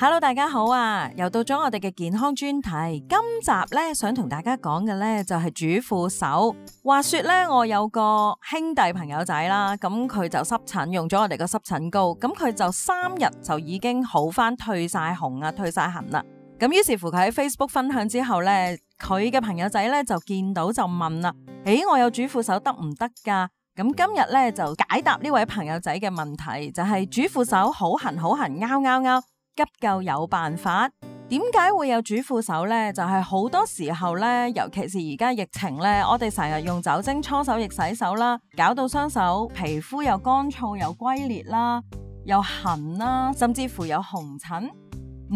Hello，大家好啊！又到咗我哋嘅健康專題，今集咧，想同大家講嘅咧，就係主婦手。話說咧，我有個兄弟朋友仔啦，咁佢就濕疹，用咗我哋個濕疹膏，咁佢就三日就已經好返，退晒紅啊，退晒痕啦。咁於是乎佢喺 Facebook 分享之後咧，佢嘅朋友仔咧就見到就問啦：，誒，我有主婦手得唔得噶？咁今日咧就解答呢位朋友仔嘅問題，就係、是、主婦手好痕好痕，抓抓抓。急救有辦法，點解會有主婦手呢？就係、是、好多時候，尤其是而家疫情，我哋成日用酒精搓手液洗手啦，搞到雙手皮膚又乾燥又龜裂啦，又痕啦，甚至乎有紅疹，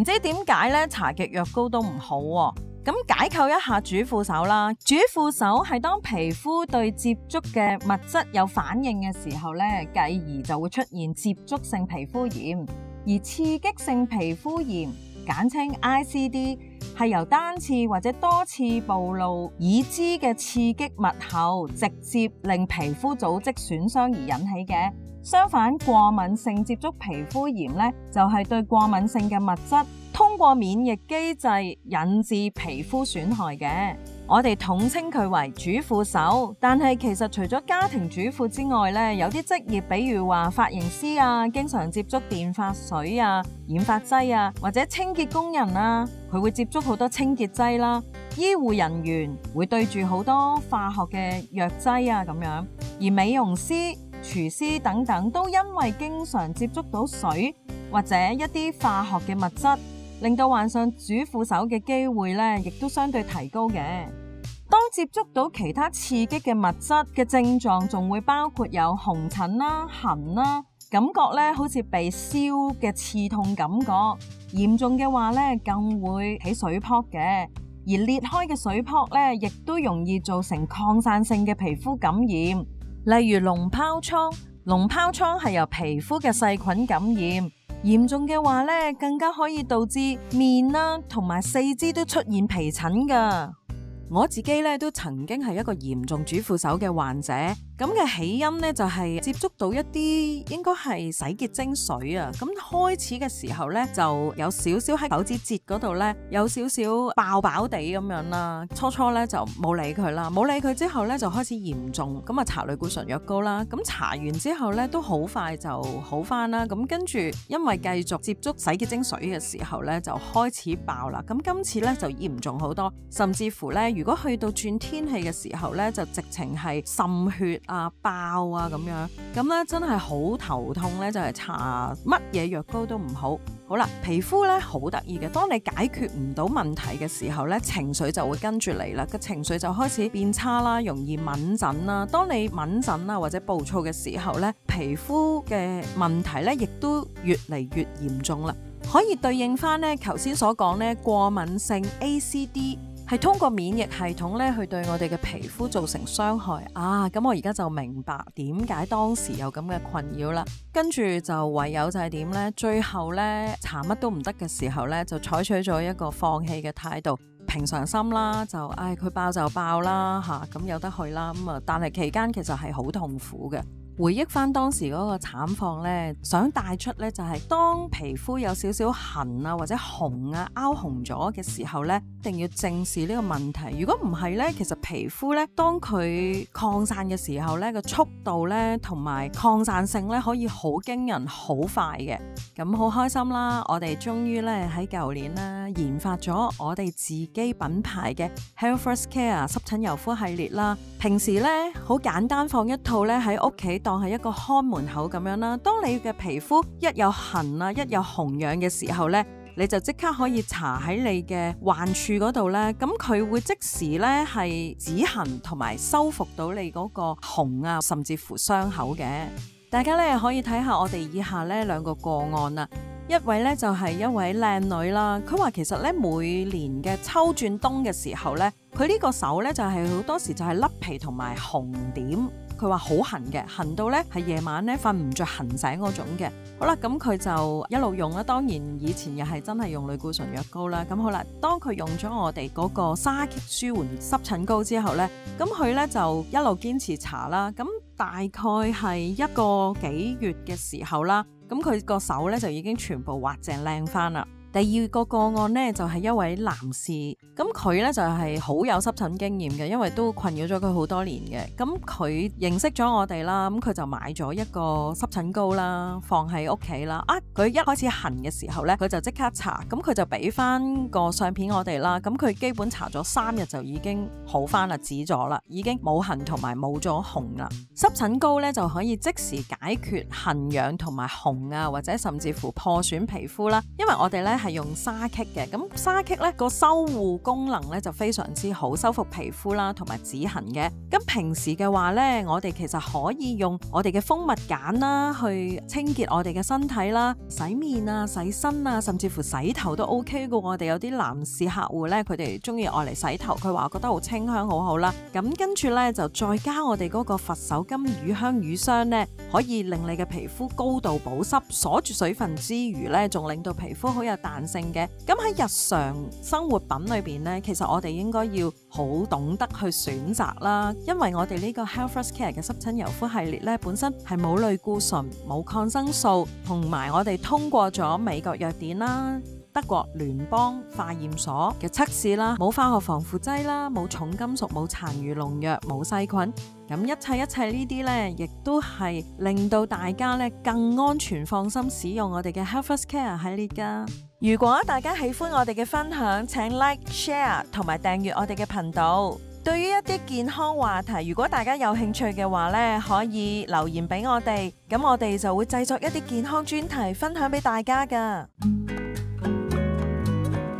唔知點解咧？搽極藥膏都唔好。咁解構一下主婦手啦，主婦手係當皮膚對接觸嘅物質有反應嘅時候呢，繼而就會出現接觸性皮膚炎。而刺激性皮膚炎，簡稱 ICD，係由單次或者多次暴露已知嘅刺激物後，直接令皮膚組織損傷而引起嘅。相反，過敏性接觸皮膚炎咧，就係、是、對過敏性嘅物質通過免疫機制引致皮膚損害嘅。我哋統稱佢為主婦手，但係其實除咗家庭主婦之外咧，有啲職業，比如話髮型師啊，經常接觸電髮水啊、染髮劑啊，或者清潔工人啊，佢會接觸好多清潔劑啦。醫護人員會對住好多化學嘅藥劑啊咁樣，而美容師、廚師等等都因為經常接觸到水或者一啲化學嘅物質。令到患上主婦手嘅機會咧，亦都相對提高嘅。當接觸到其他刺激嘅物質嘅症狀，仲會包括有紅疹啦、啊、痕啦、啊，感覺咧好似被燒嘅刺痛感覺。嚴重嘅話咧，更會起水泡嘅，而裂開嘅水泡咧，亦都容易造成擴散性嘅皮膚感染，例如膿皰瘡。膿皰瘡係由皮膚嘅細菌感染。嚴重嘅話呢，更加可以導致面啦同埋四肢都出現皮疹㗎。我自己呢，都曾經係一個嚴重主婦手嘅患者。咁嘅起因咧就係接觸到一啲應該係洗潔精水啊，咁開始嘅時候咧就有少少喺手指節嗰度咧有少少爆爆地咁樣啦，初初咧就冇理佢啦，冇理佢之後咧就開始嚴重，咁啊搽類固醇藥膏啦，咁搽完之後咧都好快就好翻啦，咁跟住因為繼續接觸洗潔精水嘅時候咧就開始爆啦，咁今次咧就嚴重好多，甚至乎咧如果去到轉天氣嘅時候咧就直情係滲血。啊爆啊咁樣，咁咧真係好頭痛咧，就係搽乜嘢藥膏都唔好。好啦，皮膚咧好得意嘅，當你解決唔到問題嘅時候咧，情緒就會跟住嚟啦，個情緒就開始變差啦，容易敏感啦。當你敏感啦或者暴躁嘅時候咧，皮膚嘅問題咧亦都越嚟越嚴重啦，可以對應翻咧頭先所講咧過敏性 ACD。係通過免疫系統咧去對我哋嘅皮膚造成傷害啊！咁我而家就明白點解當時有咁嘅困擾啦。跟住就唯有就係點咧？最後咧搽乜都唔得嘅時候咧，就採取咗一個放棄嘅態度，平常心啦，就唉佢、哎、爆就爆啦吓，咁、啊、有得去啦咁啊！但係期間其實係好痛苦嘅。回憶翻當時嗰個慘況咧，想帶出咧就係當皮膚有少少痕啊，或者紅啊，凹紅咗嘅時候咧，一定要正視呢個問題。如果唔係咧，其實皮膚咧當佢擴散嘅時候咧，個速度咧，同埋擴散性咧，可以好驚人，好快嘅。咁好開心啦！我哋終於咧喺舊年啦，研發咗我哋自己品牌嘅 Health First Care 濕疹柔膚系列啦。平時咧好簡單放一套咧喺屋企。當係一個看門口咁樣啦，當你嘅皮膚一有痕啊，一有紅癢嘅時候呢，你就即刻可以搽喺你嘅患處嗰度呢。咁佢會即時呢係止痕同埋修復到你嗰個紅啊，甚至乎傷口嘅。大家呢可以睇下我哋以下呢兩個個案啦，一位呢就係一位靚女啦，佢話其實呢，每年嘅秋轉冬嘅時候呢，佢呢個手呢就係、是、好多時就係甩皮同埋紅點。佢話好痕嘅，痕到咧係夜晚咧瞓唔着痕醒嗰種嘅。好啦，咁佢就一路用啦。當然以前又係真係用類固醇藥膏啦。咁好啦，當佢用咗我哋嗰個沙棘舒緩濕疹膏之後咧，咁佢咧就一路堅持搽啦。咁大概係一個幾月嘅時候啦，咁佢個手咧就已經全部滑淨靚返啦。第二個個案呢，就係一位男士，咁佢呢就係好有濕疹經驗嘅，因為都困擾咗佢好多年嘅。咁佢認識咗我哋啦，咁佢就買咗一個濕疹膏啦，放喺屋企啦。啊，佢一開始痕嘅時候呢，佢就即刻搽，咁佢就俾翻個相片我哋啦。咁佢基本搽咗三日就已經好翻啦，止咗啦，已經冇痕同埋冇咗紅啦。濕疹膏呢，就可以即時解決痕癢同埋紅啊，或者甚至乎破損皮膚啦，因為我哋呢，係用沙棘嘅，咁沙棘咧個修護功能咧就非常之好，修復皮膚啦，同埋止痕嘅。咁平時嘅話咧，我哋其實可以用我哋嘅蜂蜜梘啦，去清潔我哋嘅身體啦，洗面啊、洗身啊，甚至乎洗頭都 OK 噶。我哋有啲男士客戶咧，佢哋鍾意用嚟洗頭，佢話覺得好清香好，好好啦。咁跟住咧就再加我哋嗰個佛手柑乳香乳霜咧，可以令你嘅皮膚高度保濕，鎖住水分之餘咧，仲令到皮膚好有彈彈性嘅，咁喺日常生活品裏邊咧，其實我哋應該要好懂得去選擇啦，因為我哋呢個 Health First Care 嘅濕疹柔膚系列咧，本身係冇類固醇、冇抗生素，同埋我哋通過咗美國藥典啦。德國聯邦化驗所嘅測試啦，冇化學防腐劑啦，冇重金屬，冇殘餘農藥，冇細菌，咁一切一切呢啲呢，亦都係令到大家呢更安全放心使用我哋嘅 Health Care 系列噶。如果大家喜歡我哋嘅分享，請 Like、Share 同埋訂閱我哋嘅頻道。對於一啲健康話題，如果大家有興趣嘅話呢，可以留言俾我哋，咁我哋就會製作一啲健康專題分享俾大家噶。